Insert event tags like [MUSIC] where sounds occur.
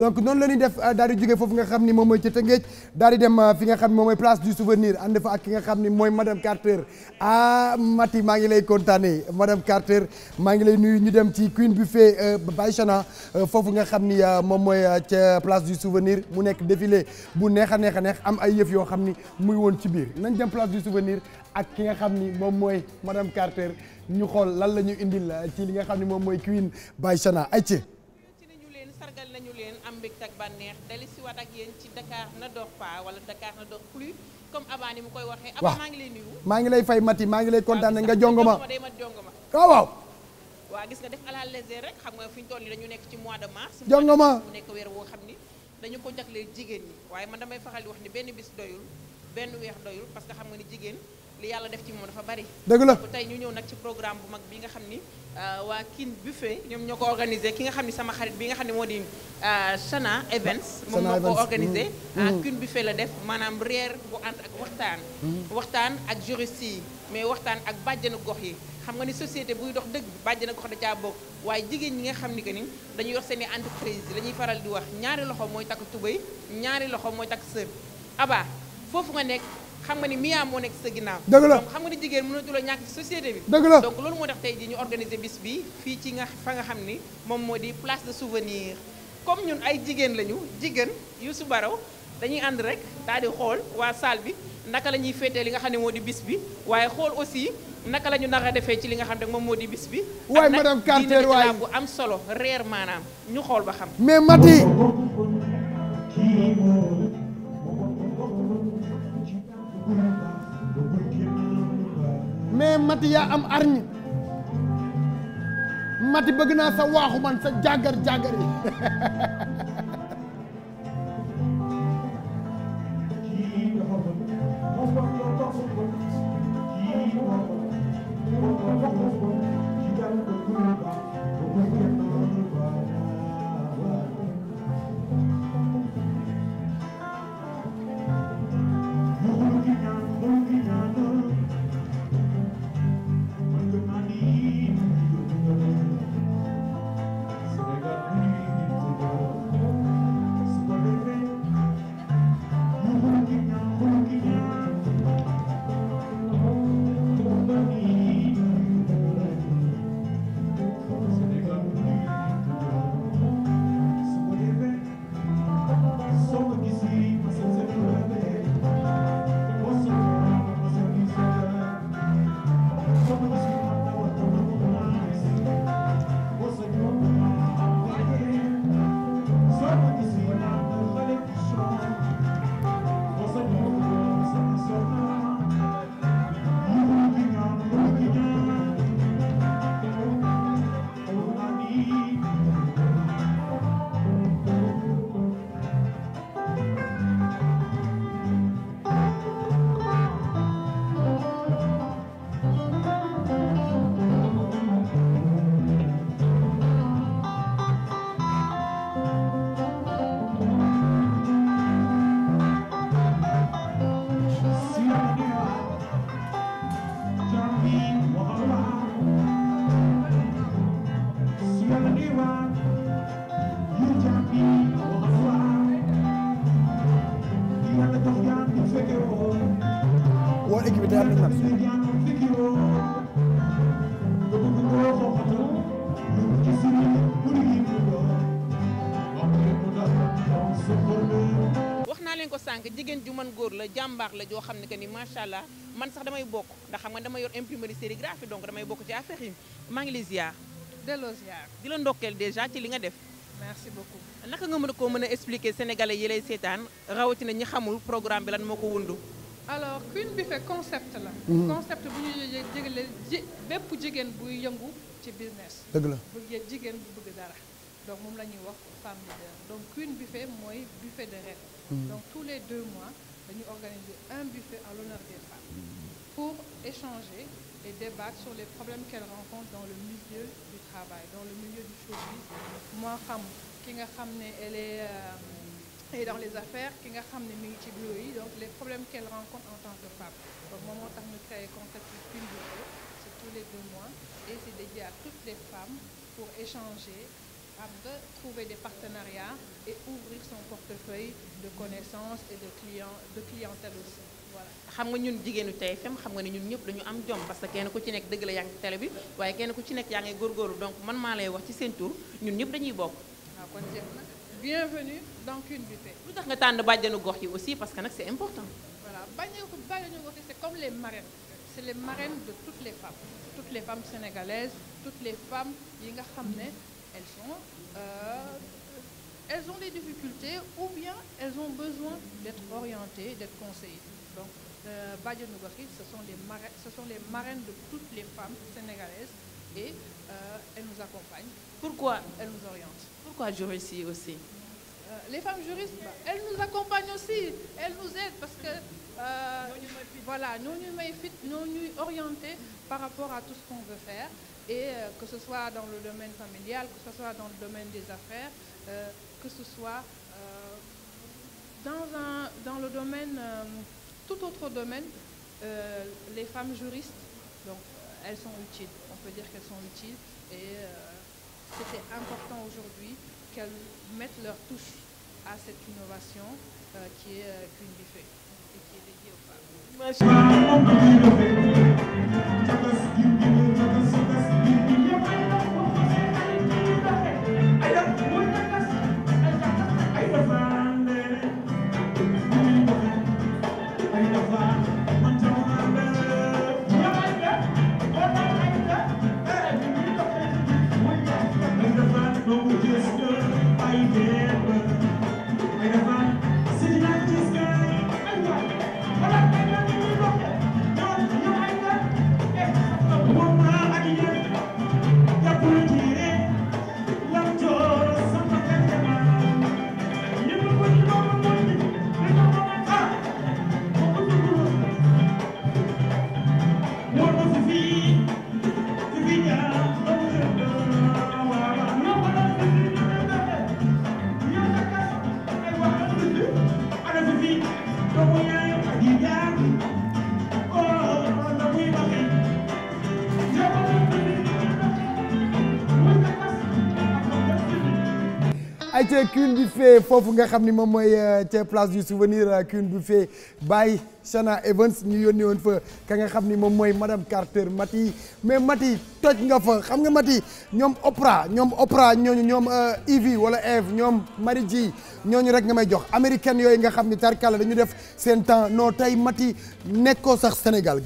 donc noonu la ñuy def euh, daal di jóge foofu nga xam ni moom mooy ca Tëngéej daal dem euh, fi nga xam ni moom mooy place du souvenir ànd fa ki nga xam ni mooy madame Carter ah Mati maa ngi lay kontaanee madame Carter maa ngi lay nuyu ñu dem ci Queen Buffet euh, Baïchana foofu nga xam ni moom mooy ca place du souvenir mu nekk défilé bu neex a neex a neex am ay yëf yoo xam ni muy woon ci biir nañ dem place du souvenir ak ki nga xam ni moom mooy madame Carter ñu xool lan la ñu indil ci li nga xam ni moom mooy Queen Baïchana ayca. sargal nañu leen am mbégte ak bànneex dali si waat ak yéen ci Dakar ne dort pas wala Dakar ne dort plus comme Aba ni mu koy waxee. waaw maa ngi leen nuyu. maa ngi lay fay Mati maa ngi lay kontaane nga jongo ma waaw waaw. waaw gis nga def à la légère rek xam nga fi ñu toll nii dañu nekk ci mois de mars. jongo ma mu nekk weer woo xam ni dañu ko jagleel jigéen ñi waaye man damay faral di wax ni benn bis doyul benn weex doyul parce que xam nga ni jigéen. li yàlla def ci moom dafa bari. dëgg la tey ñu ñëw nag ci programme bu mag bi nga xam ni euh, waa King Buffet ñoom ñoo ko organisé ki nga xam ni sama xarit bi nga xam ne moo di euh, Sana Events moom moo ko organisé mm-hmm. ah, King Buffet la def maanaam reer bu ànd ak waxtaan mm-hmm. waxtaan ak juriste yi mais waxtaan ak bàjjanu gox yi xam nga ni société buy dox dëgg bàjjana gox da caa bokk waaye jigéen ñi nga xam ni que nii dañuy yor seen i entreprise la ñuy faral di wax ñaari loxo mooy takk tubéy ñaari loxo mooy takk sër xam nga ni Mia moo nekk sa ginnaaw. dëgg la xam nga ni jigéen mënatul a ñàkk ci société bi. dëgg la donc loolu moo tax tey jii ñu organiser bis bi fii ci nga fa nga xam ni moom moo di place de souvenir comme ñun ay jigéen lañu jigéen Youssou Baraw dañuy ànd rek daal di xool waa salle bi naka la ñuy féetee li nga xam ne moo di bis bi waaye xool aussi naka la ñu nar defee ci li nga xam ne moom moo di bis bi. waay madame Carter waay bu am solo reer maanaam ñu xool ba xam. mais Mati. mati yaa am arñi mati bëgg naa sa waaxu man sa jàggar jàggar yi [LAUGHS] jigéen ju man góor la jàmbaar la joo xam ne que ni macha allah man sax damay bokk ndax xam nga damay yor imprimerie sérigraphie donc damay bokk ci affaire yi maa ngi lay ziar. delloo ziar di la ndokkeel dèjà ci li nga def. merci naka nga mën koo mën a expliquer sénégalais yi lay seetaan rawatina ñi xamul programme bi lan moo ko wundu. alors Queen bi fekk concept la. Mhm. concept bu ñu jëgalee ji bépp jigéen buy yëngu ci business. dëgg la bu jigéen bu bëgg donc moom la ñuy wax femme leader donc Queen Buffet mooy buffet de rêve hmm. donc tous les deux mois dañuy organiser un buffet en l'honneur des femmes pour échanger et débattre sur les problèmes qu'elles rencontrent dans le milieu du travail dans le milieu du showbiz moo xam ki nga xam ne elle est et euh, dans les affaires ki nga xam ne mi ngi ci bureau donc les problèmes qu'elle rencontre en tant que femme donc moom moo tax ñu créé concept bi Buffet c'est tous les deux mois et c'est dédié à toutes les femmes pour échanger Après, trouver des partenariat et ouvrir son portefeuille de connaissances et de clients de clientèle aussi voilà. xam nga ñun jigéenu TFM xam nga ne ñun ñëpp dañu am jom parce que kenn ku ci nekk dëgg la yaa ngi télé bi waaye kenn ku ci nekk yaa ngi góorgóorlu donc man maa lay wax ci seen tur ñun ñëpp dañuy bokk. waaw ah, kon jeex na bienvenue dans lu tax nga tànn bàjjanu gox yi aussi parce que nag c'est important. voilà bàjjanu bàjjanu gox yi c'est comme les marraines c'est les marraines les femmes toutes nga xam ne. elles sont, euh, elles ont des difficultés ou bien elles ont besoin d'être orientées, d'être conseillées. Donc, euh, Badianou ce sont, les marraines, ce sont les marraines de toutes les femmes sénégalaises et euh, elles nous accompagnent. Pourquoi Elles nous orientent. Pourquoi juristes aussi euh, Les femmes juristes, bah, elles nous accompagnent aussi, elles nous aident parce que Euh, voilà, nous nous nous nous orienter par rapport à tout ce qu'on veut faire, et euh, que ce soit dans le domaine familial, que ce soit dans le domaine des affaires, euh, que ce soit euh, dans, le domaine, euh, tout autre domaine, euh, les femmes juristes, donc elles sont utiles, on peut dire qu'elles sont utiles, et c'était important aujourd'hui qu'elles mettent leur touche à cette innovation qui est Queen Buffet. macha allah moo ko fi fii ay ca Queen Buffet foofu nga xam ni moom mooy euh, ca place du souvenir Queen euh, Buffet by Shana Evans ñu yónni woon fa ka nga xam ni moom mooy madame Carter Mati mais Mati toj nga fa xam nga Mati ñoom Oprah ñoom Oprah ñooñu ñoom euh, Ivy wala Eve ñoom Marie G ñooñu rek nga may jox américaine yooyu nga xam ni tarkala dañu def seen temps non tey Mati nekkoo sax Sénégal